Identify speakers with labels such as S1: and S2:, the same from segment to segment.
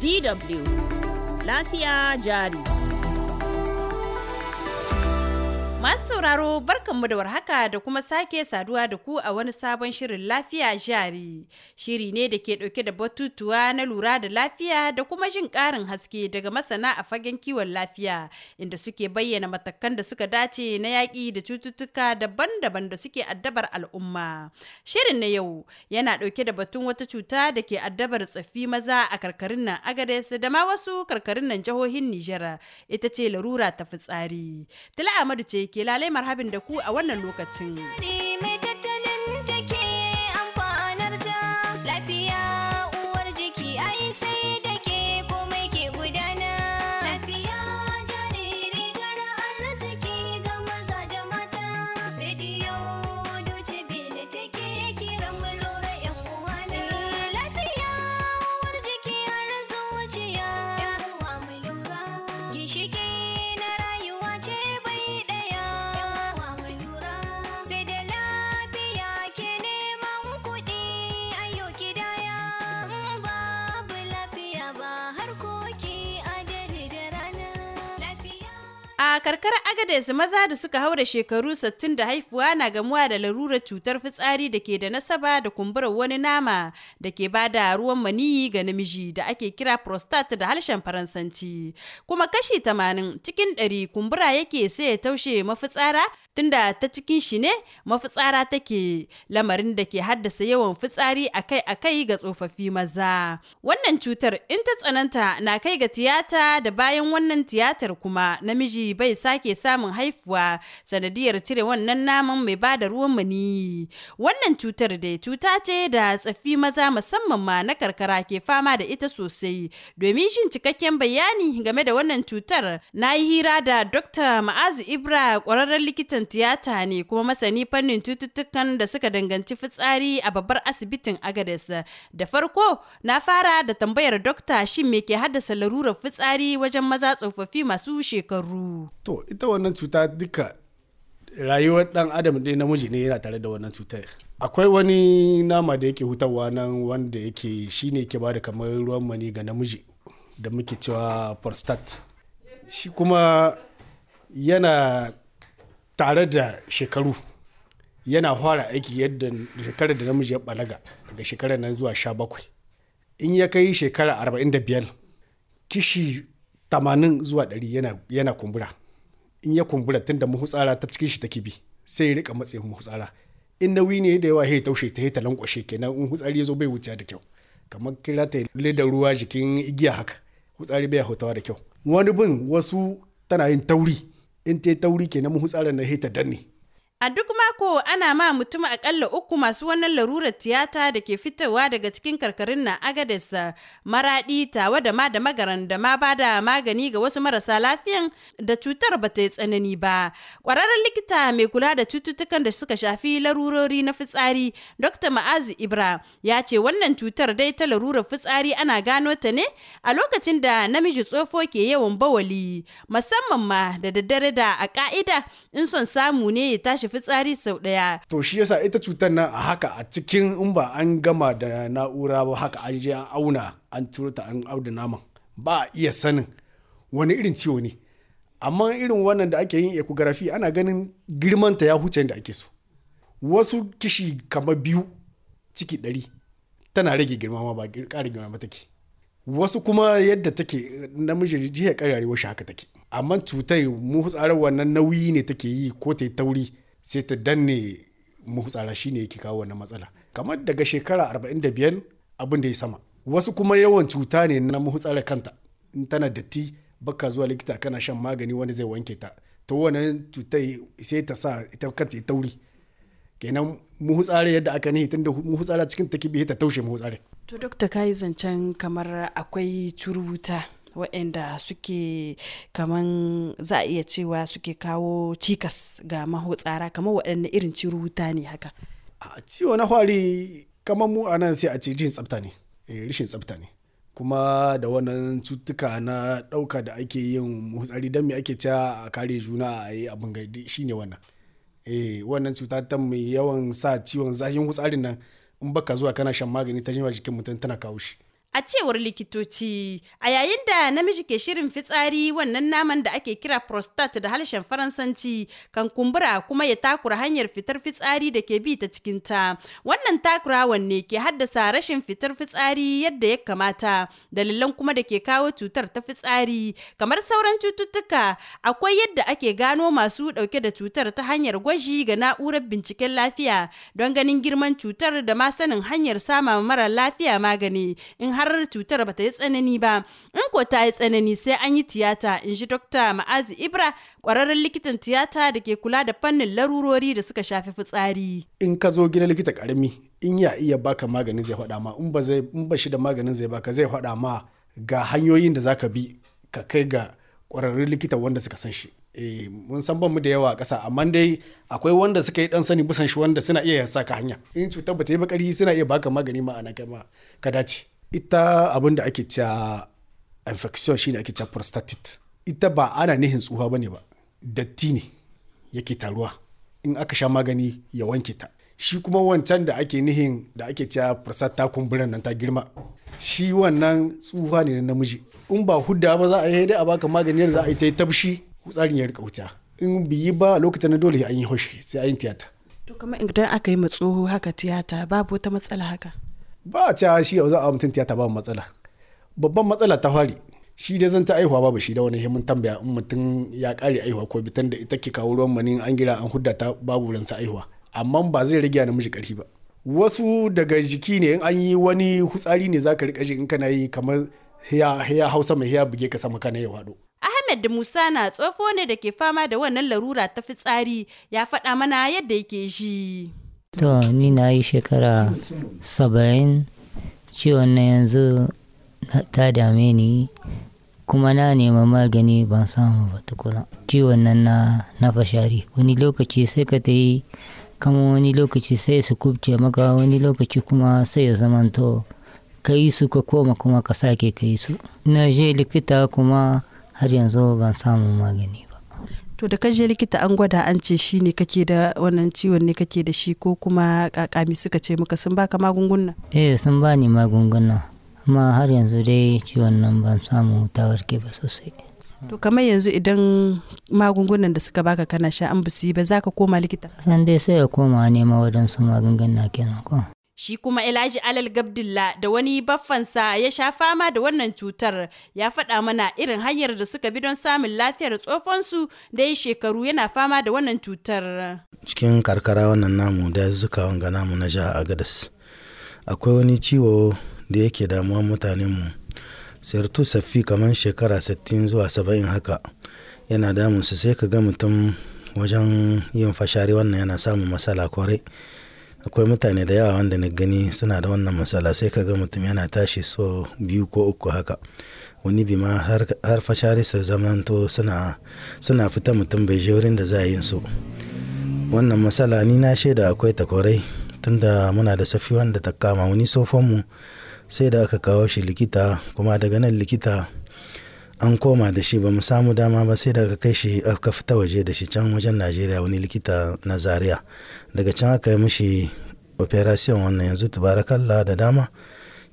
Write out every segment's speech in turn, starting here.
S1: DW lafiya jari. Masu sauraro barkanmu da warhaka da kuma sake saduwa da ku a wani sabon shirin lafiya jari. Shiri ne da ke ɗauke da batutuwa na lura da lafiya da kuma jin ƙarin haske daga masana a fagen kiwon lafiya inda suke bayyana matakan da suka dace na yaƙi da cututtuka daban-daban da suke addabar al'umma. Shirin na yau yana ɗauke da batun wata cuta da ke addabar tsaffi maza a karkarin nan Agades da ma wasu karkarin nan jihohin Nijar ita ce larura ta fitsari. Tala ahmadu ce ke lalai marhabin da ku a wannan lokacin. A karkarar Agades maza da suka haura shekaru 60 da haifuwa na gamuwa da larurar cutar fitsari da ke da nasaba da kumburar wani nama da ke ba da ruwan maniyi ga namiji da ake kira prostate da harshen Faransanci. Kuma kashi 80 cikin 100 kumbura yake sai ya taushe mafitsara tunda ta cikin shi ne mafitsara take lamarin da ke haddasa yawan fitsari akai-akai ga tsofaffi maza. Wannan cutar in ta tsananta na kai ga tiyata da bayan wannan tiyatar kuma namiji bai sake samun haifuwa sanadiyar cire wannan naman mai bada ruwan mani. Wannan cutar da cuta ce da tsaffi maza musamman ma na karkara ke fama da ita sosai. Domin shin cikakken bayani game da wannan cutar na yi hira da Dr. Ma'azu Ibra ƙwararren likitan tiyata ne kuma masani fannin cututtukan da suka danganci fitsari a babbar asibitin Agades. Da farko na fara da tambayar dokta shin me ke haddasa larurar fitsari wajen maza tsofaffi masu shekaru.
S2: To ita wannan cuta duka rayuwar dan adam dai namiji ne yana tare da wannan cutar akwai wani nama da yake hutarwa nan wanda yake shine ke bada kamar ruwan mani ga namiji da muke cewa prostate shi kuma yana tare da shekaru yana fara aiki yadda shekarar da namiji ya balaga daga shekarar nan zuwa sha bakwai in ya kai shekara arba'in da biyar kishi tamanin zuwa ɗari yana, kumbura in ya kumbura tun da muhutsara ta cikin shi ta bi sai ya rika matsayin muhutsara in nauyi ne da yawa ya taushe ta ta lankwashe kenan in hutsari ya zo bai wuce da kyau kamar kira ta da ruwa jikin igiya haka hutsari bai hutawa da kyau wani bin wasu tana yin tauri in ta tauri ke na mun hutsarar na hita danne
S1: a duk mako ana ma mutum akalla uku masu wannan larurar tiyata da ke fitowa daga cikin karkarin na agades maradi tawa da ma da magaran da ma bada magani ga wasu marasa lafiyan da cutar ba ta yi tsanani ba. kwararren likita mai kula da cututtukan da suka shafi larurori na fitsari Dr. Ma'azu Ibra ya ce wannan cutar dai ta larurar fitsari ana gano ta ne a lokacin da namiji tsofo ke yawan bawali musamman ma da daddare da a ka'ida in son samu ne ya tashi fitsari sau ɗaya.
S2: To shi yasa ita cutar nan a haka a cikin in ba an gama da na'ura ba haka an je an auna an turo ta an auda naman ba a iya sanin wani irin ciwo ne. Amma irin wannan da ake yin ecography ana ganin girmanta ya huce da ake so. Wasu kishi kamar biyu ciki ɗari tana rage girma ma ba ƙarin girma take. wasu kuma yadda take namiji jihar kararewar shi haka take amma cutai mu tsarar wannan nauyi ne take yi ko ta yi tauri sai ta danne muhutsara shine yake kawo wannan matsala kamar daga shekara 45 abin da ya sama wasu kuma yawan cuta ne na muhutsara kanta in tana datti baka zuwa likita kana shan magani wani zai wanke ta to wannan cutar sai ta sa ita kanta ya tauri kenan muhutsara yadda aka nihi tunda muhutsara cikin ta kibi ta taushe muhutsara
S1: to dokta kai zancen kamar akwai curuta waɗanda suke kaman za a iya cewa suke kawo cikas ga mahotsara kamar waɗanda irin ciruta ne haka
S2: a ciwo na hwari kamar mu a sai a ce jin tsafta ne eh, rishin tsafta ne kuma da wannan cutuka na ɗauka da ake yin hutsari don me ake cewa a kare juna a yi abin gaidi shine wannan eh wannan cuta ta mai yawan sa ciwon zahin hutsarin nan in baka zuwa kana shan magani ta jima jikin mutum tana kawo shi
S1: A cewar likitoci, a yayin da namiji ke shirin fitsari wannan naman da ake kira prostate da harshen Faransanci kan kumbura kuma ya takura hanyar fitar fitsari da ke bi ta cikinta. Wannan takurawan ne ke haddasa rashin fitar fitsari yadda ya kamata, dalilan kuma da ke kawo cutar ta fitsari. Kamar sauran cututtuka, akwai yadda ake gano masu dauke da cutar ta hanyar gwaji ga na'urar binciken lafiya don ganin girman cutar da ma sanin hanyar sama mara lafiya magani. har cutar ba ta yi tsanani ba in ko ta yi tsanani sai an yi tiyata in ji dokta ma'azi ibra kwararren likitan tiyata da ke kula da fannin larurori da suka shafi fitsari
S2: in ka zo gina likita karami in ya iya baka maganin zai faɗa ma in ba zai in ba shi da maganin zai baka zai faɗa ma ga hanyoyin da zaka bi ka kai ga kwararren likita wanda suka san shi eh mun san ban mu da yawa a ƙasa amma dai akwai wanda suka yi dan sani bisan shi wanda suna iya sa ka hanya in cutar ba ta yi bakari suna iya baka magani ma'ana kai ma ka dace ita abin da ake cewa infection shine ake cewa prostatit ita ba ana nihin tsuha bane ba datti ne yake taruwa in aka sha magani ya wanke ta shi kuma wancan da ake nihin da ake cewa prostate ta kumburan nan ta girma shi wannan tsuha ne na namiji in ba hudda ba za a yi a baka magani da za a yi ta yi tabshi tsarin ya rika wuta in biyi ba lokacin na dole an yi hoshi sai an yi tiyata
S1: to kamar idan aka yi matso haka tiyata babu wata matsala haka
S2: ba a cewa shi yanzu a mutum tiyata ba matsala babban matsala ta fari shi dai zan ta aihuwa babu shi da wani himin tambaya in mutum ya kare aihuwa ko bitan da ita ke kawo ruwan manin an gira an hudda ta babu ransa aihuwa amma ba zai rage namiji karfi ba wasu daga jiki ne in an yi wani hutsari ne zaka rika shi in kana yi kamar ya hausa mai ya buge ka sama kana yi wado
S1: Ahmed Musa na tsofo ne da ke fama da wannan larura ta fitsari ya faɗa mana yadda yake shi.
S3: To ni na yi shekara saba'in ciwon na yanzu ta dame ni kuma na nema magani ban samu ba tukuna. Ciwon nan na, na fashari wani lokaci sai ka ta yi kama wani lokaci sai su kubce maka wani lokaci kuma sai ya zamanto ka yi su ka koma kuma ka sake ka yi su. Na je likita kuma har yanzu ban samu magani ba.
S1: to da kaje likita an gwada an ce shi ne kake da wannan ciwon ne kake da shi ko kuma kakami suka ce maka sun baka magunguna
S3: eh sun bani magunguna amma har yanzu dai ciwon nan ban samu ta warke ba sosai
S1: to kamar yanzu idan magungunan da suka baka kana sha an ba za ka koma likita
S3: san dai sai ya koma nema waɗansu magunguna kenan ko
S1: Shi kuma Elaji Alal Gabdilla da wani baffansa ya sha fama da wannan cutar ya faɗa mana irin hanyar da suka bi don samun lafiyar tsofonsu da ya shekaru yana fama da wannan cutar.
S3: Cikin karkara wannan namu da zuka wanga namu na jiha Agadas. Akwai wani ciwo da yake damuwa mutanenmu. sayartu Safi kamar shekara 60 zuwa 70 haka yana damunsu sai ka ga mutum wajen yin fashari wannan yana samun matsala kwarai. akwai mutane da yawa wanda na gani suna da wannan matsala sai ka ga mutum yana tashi so biyu ko uku haka wani bi ma har fashari su zamanto suna fita mutum bai je wurin da za a yin su wannan matsala ni na shaida akwai takwarai tunda muna da safi wanda ta kama wani tsofonmu sai da aka kawo shi likita kuma daga nan likita an koma da shi ba mu samu dama ba sai daga kai shi aka fita waje da shi can wajen najeriya wani likita na zaria daga can aka yi mishi operation wannan yanzu tubarakallah da dama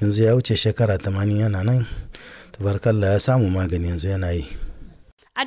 S3: yanzu ya wuce shekara 80 yana nan tubarakallah ya samu magani yanzu yana yi
S1: a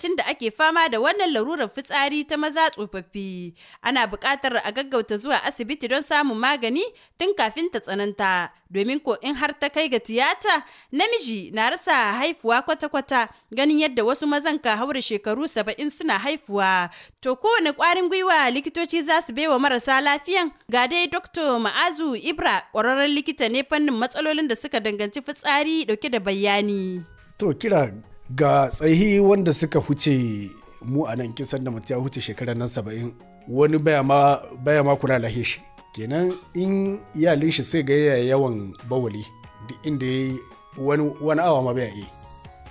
S1: lokacin da ake fama da wannan larurar fitsari ta maza tsofaffi. Ana buƙatar a gaggauta zuwa asibiti don samun magani tun kafin ta tsananta. Domin ko in har ta kai ga tiyata, namiji na rasa haifuwa kwata-kwata ganin yadda wasu mazan ka haura shekaru saba'in suna haifuwa. To kowane ƙwarin gwiwa likitoci za su baiwa marasa lafiyan ga dai Dr. Ma'azu Ibra ƙwararren likita ne fannin matsalolin da suka danganci fitsari dauke da bayani.
S2: To kira ga tsayi wanda suka huce mu a nan kisan da mutum ya huce shekarar nan saba'in wani baya ma kula lahe shi kenan in iyalin shi sai ga yawan bawali duk inda ya wani wani awa ma baya yi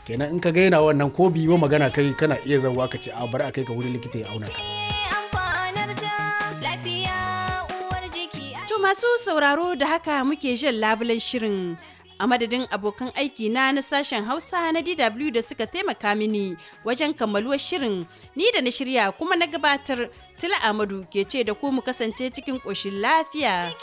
S2: kenan in ka gaina wannan ko biyu magana kai kana iya zawa ka ce a bar a kai ka wuri likita ya auna ka
S1: masu sauraro da haka muke jin labulen shirin a madadin abokan aiki na na sashen Hausa na DW da suka taimaka mini wajen kammaluwar shirin ni da na shirya kuma na gabatar Tila Amadu ke ce da ku mu kasance cikin ƙoshin lafiya.